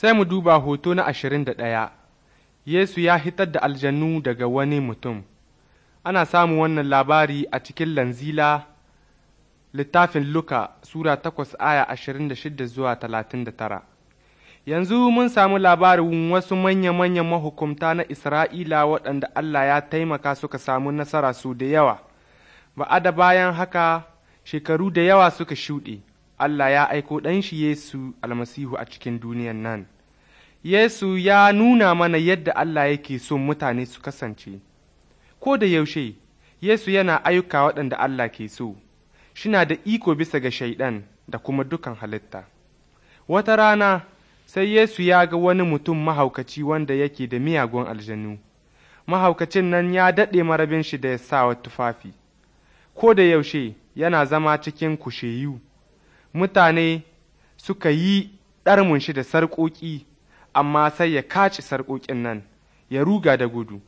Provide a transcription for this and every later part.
Sai mu duba hoto na ashirin da ɗaya, Yesu ya hitar da aljannu daga wani mutum. Ana samun wannan labari a cikin lanzila littafin Luka Sura takwas aya ashirin da shida zuwa talatin da tara. Yanzu mun samu labarin wasu manya-manyan mahukumta na Isra'ila waɗanda Allah ya taimaka suka samu nasara su da yawa, ba da bayan haka shekaru da yawa suka shuɗe. Allah ya aiko ɗanshi Yesu almasihu a cikin duniyan nan. Yesu ya nuna mana yadda Allah yake son mutane su kasance. Ko da yaushe, Yesu yana ayyuka waɗanda Allah ke so, shina da iko bisa ga shaiɗan da kuma dukan halitta. Wata rana, sai Yesu ya ga wani mutum mahaukaci wanda yake da miyagun aljanu. Mahaukacin nan ya daɗe marabin shi da ya sa tufafi. Ko da yaushe, yana zama cikin kusheyu. mutane suka yi ɗarmun shi da sarƙoƙi, amma sai ya kaci sarƙoƙin nan, ya ruga da gudu.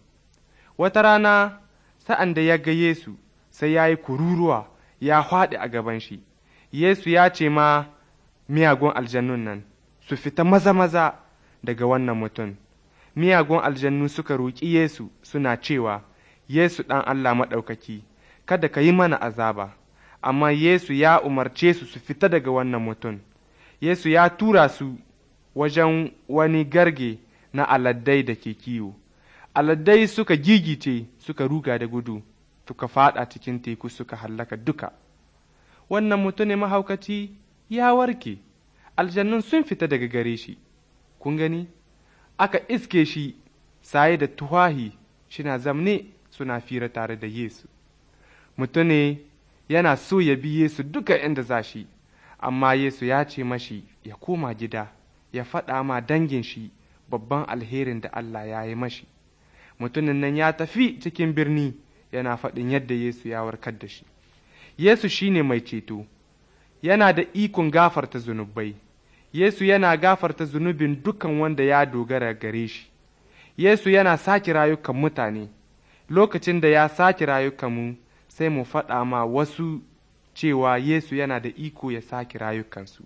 Wata rana, sa'an da ya ga Yesu, sai ya yi kururuwa, ya haɗe a gaban shi. Yesu ya ce ma miyagun aljannun nan, su fita maza-maza daga wannan mutum. Miyagun aljannu suka roƙi Yesu suna cewa, Yesu ɗan Allah maɗaukaki, kada ka yi mana azaba. amma Yesu ya umarce su su fita daga wannan mutum. Yesu ya tura su wajen wani garge na aladdai da ke kiwo. Aladdai suka gigice suka ruga da gudu, suka faɗa cikin teku suka hallaka duka. Wannan mutum ne mahaukaci ya warke, aljannun sun fita daga gare shi. Kun gani? Aka iske shi saye da tuhahi shina zamne suna fira tare da Yesu. Mutum ne yana so ya bi Yesu duka inda za shi, amma Yesu ya ce mashi ya koma gida, ya faɗa ma dangin shi babban alherin da Allah ya yi mashi. Mutumin nan ya tafi cikin birni yana faɗin yadda Yesu ya warkar da shi. Yesu shi ne mai ceto, yana da ikon gafarta zunubai. Yesu yana gafarta zunubin dukan wanda ya dogara gare shi. Yesu yana sake rayukan mutane, lokacin da ya sake rayukan mu, sai mu faɗa ma wasu cewa Yesu yana da iko ya sake rayukansu.